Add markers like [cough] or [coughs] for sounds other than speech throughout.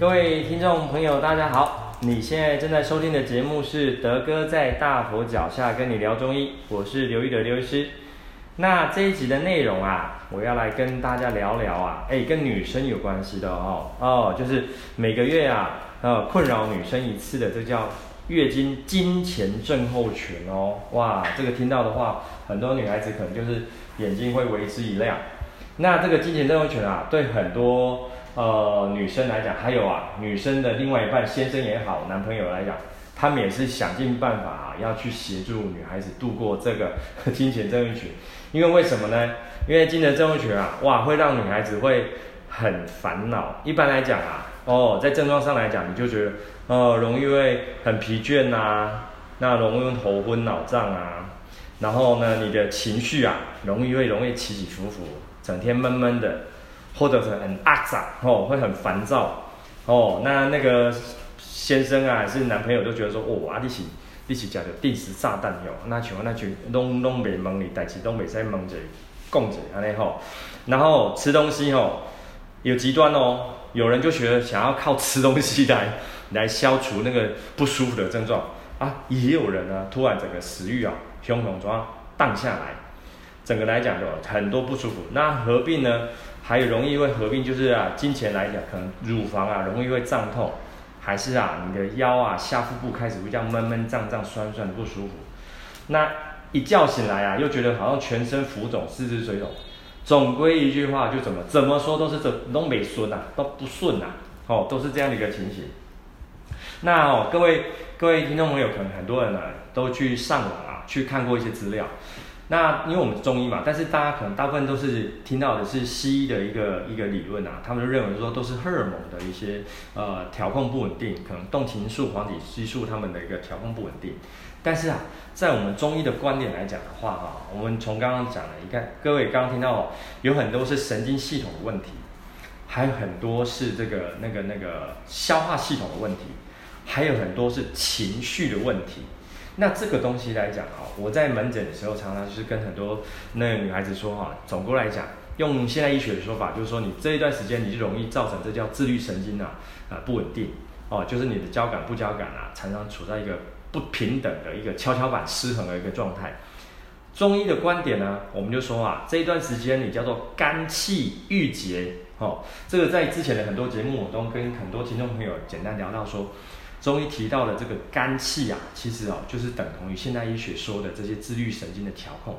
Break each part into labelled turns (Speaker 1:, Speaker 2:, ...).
Speaker 1: 各位聽眾朋友，大家好！你現在正在收聽的節目是《德哥在大佛腳下跟你聊中醫》，我是劉一德劉醫師。那這一集的內容啊，我要來跟大家聊聊啊，哎，跟女生有關係的哦哦，就是每個月啊，呃，困擾女生一次的，這叫月經經前症候群哦。哇，這個聽到的話，很多女孩子可能就是眼睛會為之一亮。那這個經前症候群啊，對很多，呃，女生來講，還有啊，女生的另外一半，先生也好，男朋友來講，他們也是想盡辦法啊，要去協助女孩子度過這個經前症候群，因為為什麼呢？因為經前症候群啊，哇，會讓女孩子會很煩惱。一般來講啊，哦，在症狀上來講，你就覺得哦，容易會很疲倦啊，那容易會頭昏腦脹啊，然後呢，你的情緒啊，容易會容易起起伏伏，整天悶悶的。或者是很阿雜吼，會很煩躁哦。那那個先生啊，還是男朋友就覺得說，哇、哦啊，你起你起講的定時炸彈喲。那像那群攏攏袂忙哩，但其攏袂使忙者供着然後吃東西吼、哦，有極端哦。有人就覺得想要靠吃東西來來消除那個不舒服的症狀啊。也有人呢、啊，突然整個食欲啊，胸孔狀蕩下來，整個來講就很多不舒服。那何必呢？還有容易會合併，就是啊，經前來講，可能乳房啊容易會脹痛，還是啊你的腰啊下腹部開始會這樣悶悶脹脹、痠痠的不舒服。那一覺醒來啊，又覺得好像全身浮腫、四肢水腫，總歸一句話就怎麼怎麼說都是這都沒順吶、啊，都不順吶、啊，哦，都是這樣的一個情形。那、哦、各位各位聽眾朋友，可能很多人呢、啊、都去上網啊去看過一些資料。那因為我們是中醫嘛，但是大家可能大部分都是聽到的是西醫的一個一個理論吶、啊，他們就認為說都是荷爾蒙的一些呃調控不穩定，可能動情素、黃體激素他們的一個調控不穩定。但是啊，在我們中醫的觀點來講的話哈、啊，我們從剛剛講了，你看各位剛剛聽到有很多是神經系統的問題，還有很多是這個那個那個消化系統的問題，還有很多是情緒的問題。那這個東西來講，我在門診的時候常常就是跟很多那個女孩子說哈，總歸來講，用現代醫學的說法，就是說你這一段時間你就容易造成這叫自律神經啊啊不穩定哦，就是你的交感不交感啊，常常處在一個不平等的一個蹺蹺板失衡的一個狀態。中醫的觀點呢，我們就說啊，這一段時間你叫做肝氣鬱結哦，這個在之前的很多節目我都跟很多聽眾朋友簡單聊到說。中醫提到的這個肝氣啊，其實哦，就是等同於現代醫學說的這些自律神經的調控。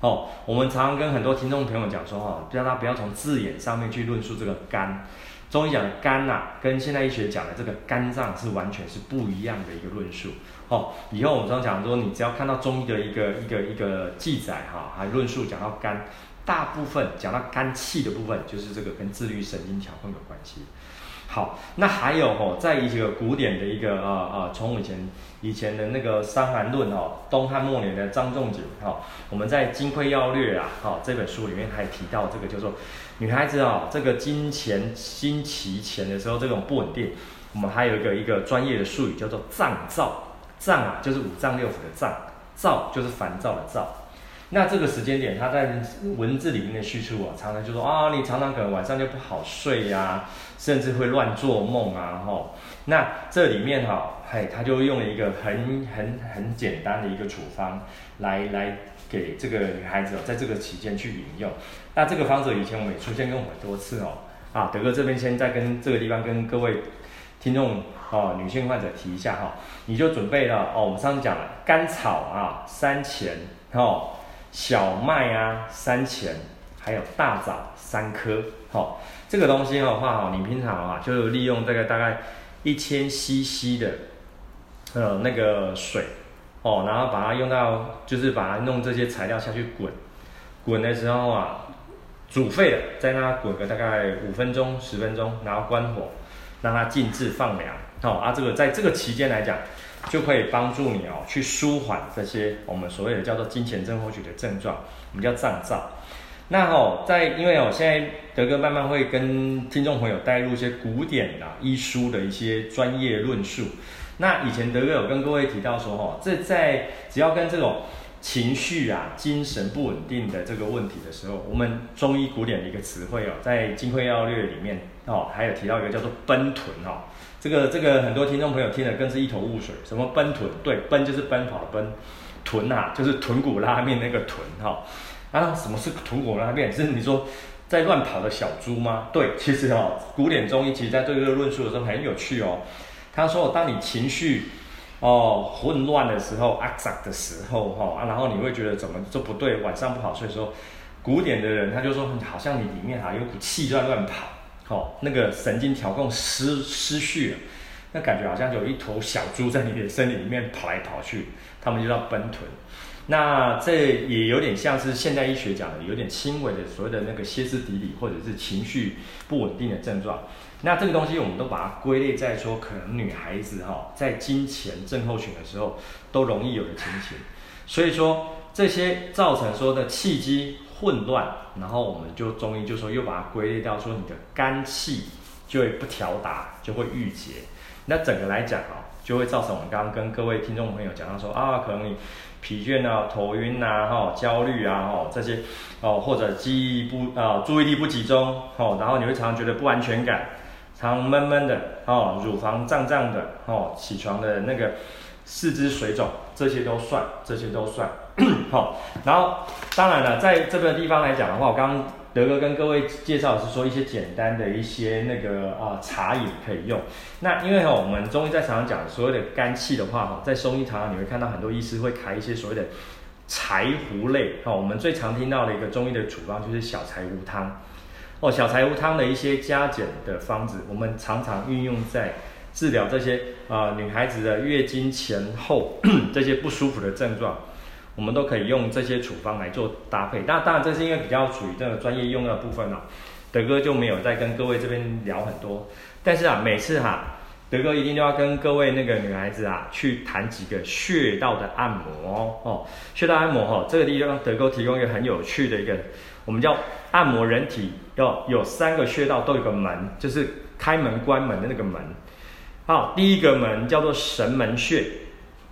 Speaker 1: 哦，我們常常跟很多聽眾朋友講說，哈、哦，大家不要從字眼上面去論述這個肝。中醫講的肝吶、啊，跟現代醫學講的這個肝臟是完全是不一樣的一個論述。哦，以後我們常講說，你只要看到中醫的一個一個一個，一個記載哈、哦，還論述講到肝，大部分講到肝氣的部分，就是這個跟自律神經調控有關係。好，那還有哦，在一個古典的一個呃呃從以前以前的那個《傷寒論》哦，東漢末年的張仲景哦，我們在《金匱要略》啊，好、哦、這本書裡面還提到這個叫做女孩子哦，這個經前、經期前的時候這種不穩定，我們還有一個一個專業的術語叫做藏“臟躁”，臟啊就是五臟六腑的臟，躁，就是煩躁的躁。那這個時間點，他在文字裡面的敘述啊，常常就說啊，你常常可能晚上就不好睡呀、啊，甚至會亂做夢啊，吼、哦。那這裡面哈、啊，嘿，他就用了一個很很很簡單的一個處方，來來給這個女孩子哦、啊，在這個期間去飲用。那這個方子以前我們也出現過很多次哦、啊，啊，德哥這邊先再跟這個地方跟各位聽眾哦、啊，女性患者提一下哈、啊，你就準備了哦、啊，我們上次講了甘草啊，三錢小麥啊，三錢，還有大棗三顆，好、哦，這個東西的話，哈，你平常啊就利用這個大概一千 CC 的呃那個水，哦，然後把它用到，就是把它弄這些材料下去滾，滾的時候啊，煮沸了，在那滾個大概五分鐘十分鐘，然後關火，讓它靜置放涼。好、哦、啊，這個在這個期間來講，就可以幫助你哦，去舒緩這些我們所謂的叫做經前症候群的症狀，我們叫脹脹。那好、哦，在因為哦，現在德哥慢慢會跟聽眾朋友帶入一些古典啊、醫書的一些專業論述。那以前德哥有跟各位提到說，哈、哦，這在只要跟這種。情緒啊，精神不穩定的這個問題的時候，我們中醫古典的一個詞彙哦，在《金匱要略》裡面哦，還有提到一個叫做“奔豚”哦。這個這個很多聽眾朋友聽了更是一頭霧水，什麼“奔豚”？對，奔就是奔跑的奔，豚啊就是豚骨拉麵那個豚哈。啊、哦，什麼是豚骨拉麵？是你說在亂跑的小豬嗎？對，其實哦，古典中醫其實在對這個論述的時候很有趣哦。他說，當你情緒。哦，混亂的時候，阿雜的時候，哈、啊，然後你會覺得怎麼這不對，晚上不好睡的時候，所以說古典的人他就說，好像你裡面哈有股氣亂亂跑，哦，那個神經調控失失序，那感覺好像有一頭小豬在你的身體裡面跑來跑去，他們就叫奔豚。那這也有點像是現代醫學講的有點輕微的所謂的那個歇斯底里或者是情緒不穩定的症狀。那這個東西我們都把它歸類在說，可能女孩子哈在經前症候群的時候都容易有的情形，所以說這些造成說的氣機混亂，然後我們就中醫就說又把它歸類到，說你的肝氣就會不調達，就會鬱結。那整個來講哦，就會造成我們剛剛跟各位聽眾朋友講到說啊，可能你疲倦啊、頭暈啊、哈，焦慮啊、哈，這些哦，或者記憶不啊、注意力不集中，吼，然後你會常常覺得不安全感。胸悶悶的哦，乳房脹脹的哦，起床的那個四肢水腫，這些都算，這些都算好、哦。然後當然了，在這個地方來講的話，我剛剛德哥跟各位介紹的是說一些簡單的一些那個啊、哦、茶飲可以用。那因為哈、哦，我們中醫在常常講所謂的肝氣的話哈、哦，在中醫常常你會看到很多醫師會開一些所謂的柴胡類哈、哦，我們最常聽到的一個中醫的處方就是小柴胡湯。哦，小柴胡湯的一些加減的方子，我們常常運用在治療這些啊、呃、女孩子的月經前後這些不舒服的症狀，我們都可以用這些處方來做搭配。那當然，這是因為比較屬於這個專業用藥部分啦、啊，德哥就沒有再跟各位這邊聊很多。但是啊，每次哈、啊，德哥一定都要跟各位那個女孩子啊去談幾個穴道的按摩哦，哦穴道按摩哈、哦，這個地方德哥提供一個很有趣的一個，我們叫按摩人體。要有,有三個穴道都有個門，就是開門關門的那個門。好，第一個門叫做神門穴。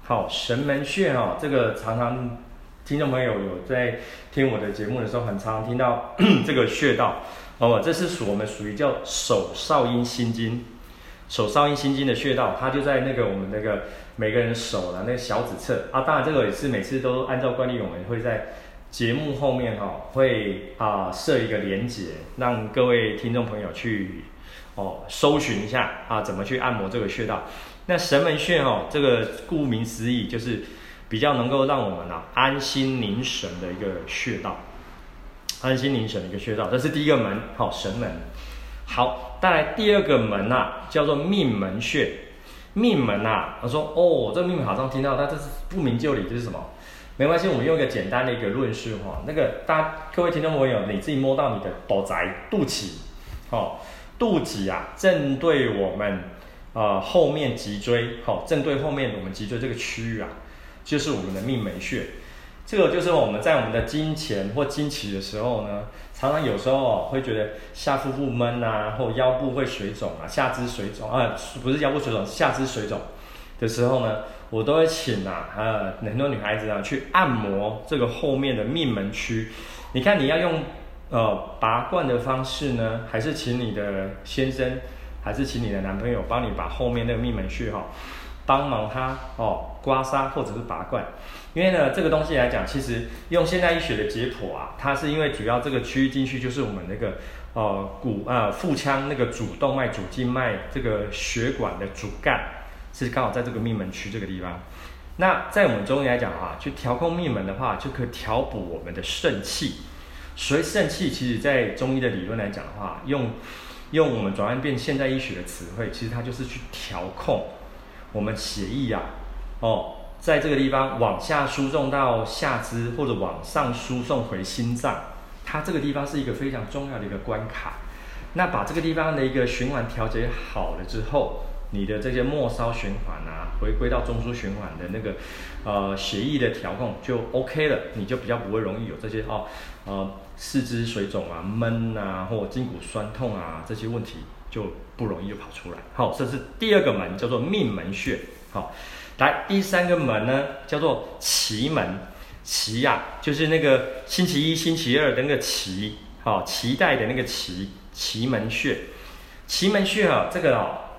Speaker 1: 好，神門穴哦，這個常常聽眾朋友有在聽我的節目的時候，很常,常聽到這個穴道。哦，這是屬我們屬於叫手少陰心經，手少陰心經的穴道，它就在那個我們那個每個人手的那個小指側。啊，當然這個也是每次都按照慣例，我們會在。節目後面哈會啊設一個連結，讓各位聽眾朋友去哦搜尋一下啊怎麼去按摩這個穴道。那神門穴哈，這個顧名思義就是比較能夠讓我們啊安心凝神的一個穴道，安心凝神的一個穴道。這是第一個門，好神門。好，再來第二個門吶、啊，叫做命門穴。命門吶、啊，他說哦，這個、命門好像聽到，他這是不明就裡，這是什麼？沒關係，我們用一個簡單的一個論述哈，那個大家各位聽眾朋友，你自己摸到你的肚臍，肚臍、哦、啊，正對我們啊、呃、後面脊椎，好、哦，正對後面我們脊椎這個區域啊，就是我們的命門穴。這個就是我們在我們的經前或經期的時候呢，常常有時候會覺得下腹部悶啊，或腰部會水腫啊，下肢水腫啊，不是腰部水腫，下肢水腫。的時候呢，我都會請啊呃很多女孩子啊去按摩這個後面的命門區。你看你要用呃拔罐的方式呢，還是請你的先生，還是請你的男朋友幫你把後面那個命門穴哈、哦，幫忙他哦刮痧或者是拔罐。因為呢這個東西來講，其實用現代醫學的解剖啊，它是因為主要這個區域進去就是我們那個呃骨呃腹腔那個主動脈、主靜脈這個血管的主幹。是剛好在這個命門區這個地方，那在我們中醫來講的話，去調控命門的話，就可以調補我們的腎氣。所以腎氣其實在中醫的理論來講的話，用用我們轉換變現代醫學的詞彙，其實它就是去調控我們血液啊，哦，在這個地方往下輸送到下肢，或者往上輸送回心臟。它這個地方是一個非常重要的一個關卡。那把這個地方的一個循環調節好了之後，你的這些末梢循環啊，回歸到中樞循環的那個，呃，血液的調控就 OK 了，你就比較不會容易有這些哦，呃，四肢水腫啊、悶啊，或筋骨酸痛啊這些問題就不容易就跑出來。好、哦，這是第二個門，叫做命門穴。好、哦，來第三個門呢，叫做期門期呀、啊，就是那個星期一、星期二的那個期，好、哦，臍帶的那個奇，期門穴。期門穴啊，這個哦、啊。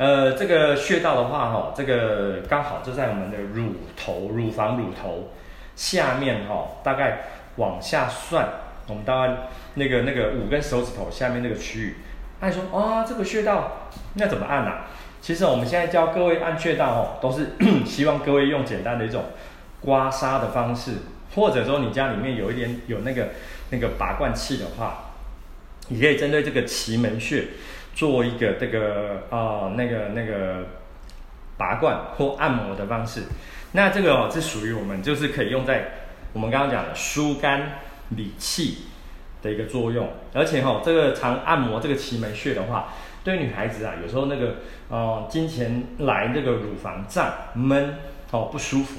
Speaker 1: 呃，這個穴道的話，哈，這個剛好就在我們的乳頭、乳房、乳頭下面，哈，大概往下算，我們大概那個那個五根手指頭下面那個區域。按說啊，哦，這個穴道那怎麼按呢，啊？其實我們現在教各位按穴道，哦，都是 [coughs] 希望各位用簡單的一種刮痧的方式，或者說你家裡面有一點有那個那個拔罐器的話，你可以針對這個期門穴。做一個這個呃那個那個拔罐或按摩的方式，那這個哦是屬於我們就是可以用在我們剛剛講的疏肝理氣的一個作用，而且哦這個常按摩這個期門穴的話，對女孩子啊有時候那個呃經前來那個乳房脹悶哦不舒服，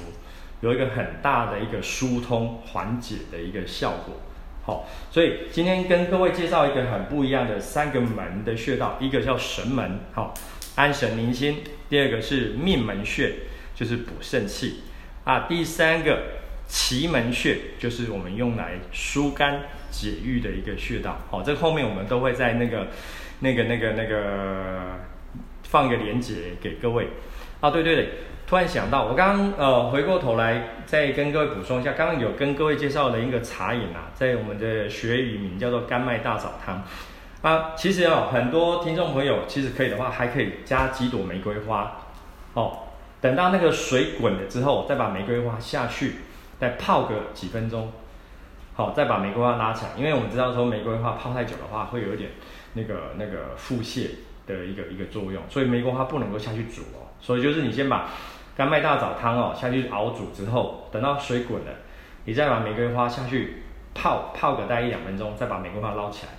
Speaker 1: 有一個很大的一個疏通緩解的一個效果。好，所以今天跟各位介紹一個很不一樣的三個門的穴道，一個叫神門，好，安神寧心；第二個是命門穴，就是補腎氣啊；第三個期門穴，就是我們用來疏肝解鬱的一個穴道。好，這後面我們都會在那個、那個、那個、那個放一個鏈接給各位。啊，對對對。突然想到，我剛剛呃回過頭來再跟各位補充一下，剛剛有跟各位介紹了一個茶飲吶、啊，在我們的學語名叫做甘麥大棗湯，啊其實哦很多聽眾朋友其實可以的話還可以加幾朵玫瑰花，哦等到那個水滾了之後再把玫瑰花下去，再泡個幾分鐘，好、哦、再把玫瑰花拉起來，因為我們知道說玫瑰花泡太久的話會有一點那個那個腹瀉的一個一個作用，所以玫瑰花不能夠下去煮哦，所以就是你先把。甘麥大棗湯哦，下去熬煮之後，等到水滾了，你再把玫瑰花下去泡，泡個大概一兩分鐘，再把玫瑰花撈起來，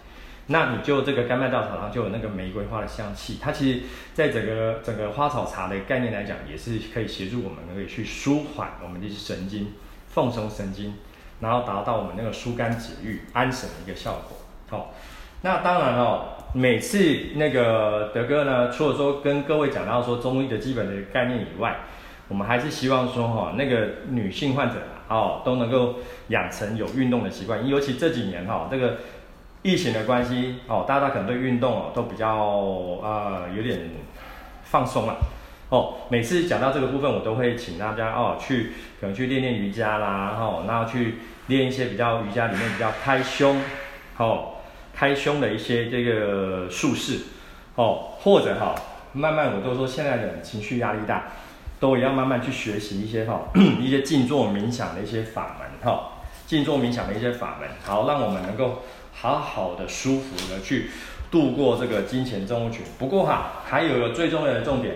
Speaker 1: 那你就這個甘麥大棗湯就有那個玫瑰花的香氣。它其實在整個整個花草茶的概念來講，也是可以協助我們可以去舒緩我們的神經，放鬆神經，然後達到我們那個疏肝解鬱、安神的一個效果。好，哦，那當然哦，每次那個德哥呢，除了說跟各位講到說中醫的基本的概念以外，我們還是希望說哈，那個女性患者啊，哦，都能夠養成有運動的習慣，尤其這幾年哈，這個疫情的關係哦，大家可能對運動哦都比較啊、呃、有點放鬆了哦。每次講到這個部分，我都會請大家哦去可能去練練瑜伽啦，哦，然後去練一些比較瑜伽裡面比較開胸，哦，開胸的一些這個術式，哦，或者哈、哦，慢慢我都說現在的情緒壓力大。都也要慢慢去學習一些哈、哦，一些靜坐冥想的一些法門哈，靜、哦、坐冥想的一些法門，好讓我們能夠好好的、舒服的去度過這個經前症候群。不過哈、啊，還有個最重要的重點，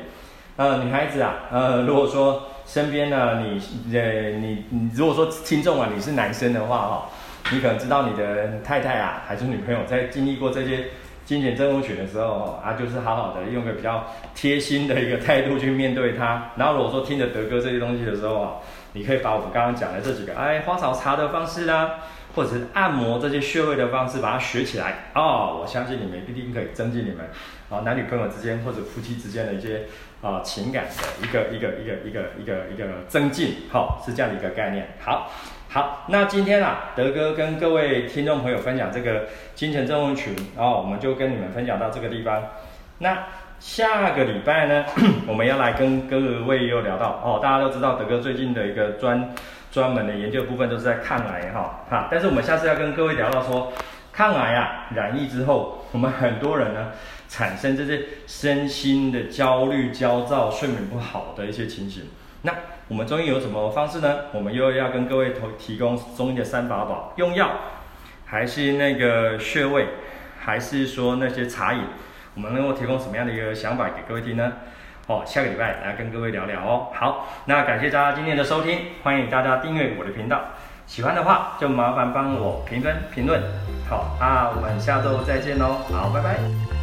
Speaker 1: 呃，女孩子啊，呃，如果說身邊呢，你你你如果說聽眾啊，你是男生的話哈、哦，你可能知道你的太太啊，還是女朋友在經歷過這些。經前症候群的時候啊，就是好好的用個比較貼心的一個態度去面對他。然後如果說聽着德哥這些東西的時候啊，你可以把我們剛剛講的這幾個哎花草茶的方式啦、啊，或者是按摩這些穴位的方式，把它學起來哦。我相信你們必定可以增進你們啊男女朋友之間或者夫妻之間的一些啊情感的一個一個一個一個一個一個，一個，一個增進哈、哦，是這樣的一個概念。好。好，那今天啊，德哥跟各位聽眾朋友分享這個經前症候群，然後，哦，我們就跟你們分享到這個地方。那下個禮拜呢，我們要來跟各位又聊到哦，大家都知道德哥最近的一個專專門的研究的部分都是在抗癌哈哈，但是我們下次要跟各位聊到說，抗癌啊，染疫之後，我們很多人呢產生這些身心的焦慮、焦躁、睡眠不好的一些情形。那我們中醫有什麼方式呢？我們又要跟各位提提供中醫的三寶寶，用藥，還是那個穴位，還是說那些茶飲？我們能夠提供什麼樣的一個想法給各位聽呢？哦，下個禮拜來跟各位聊聊哦。好，那感謝大家今天的收聽，歡迎大家訂閱我的頻道，喜歡的話就麻煩幫我評分評論。好啊，那我們下周再見嘍。好，拜拜。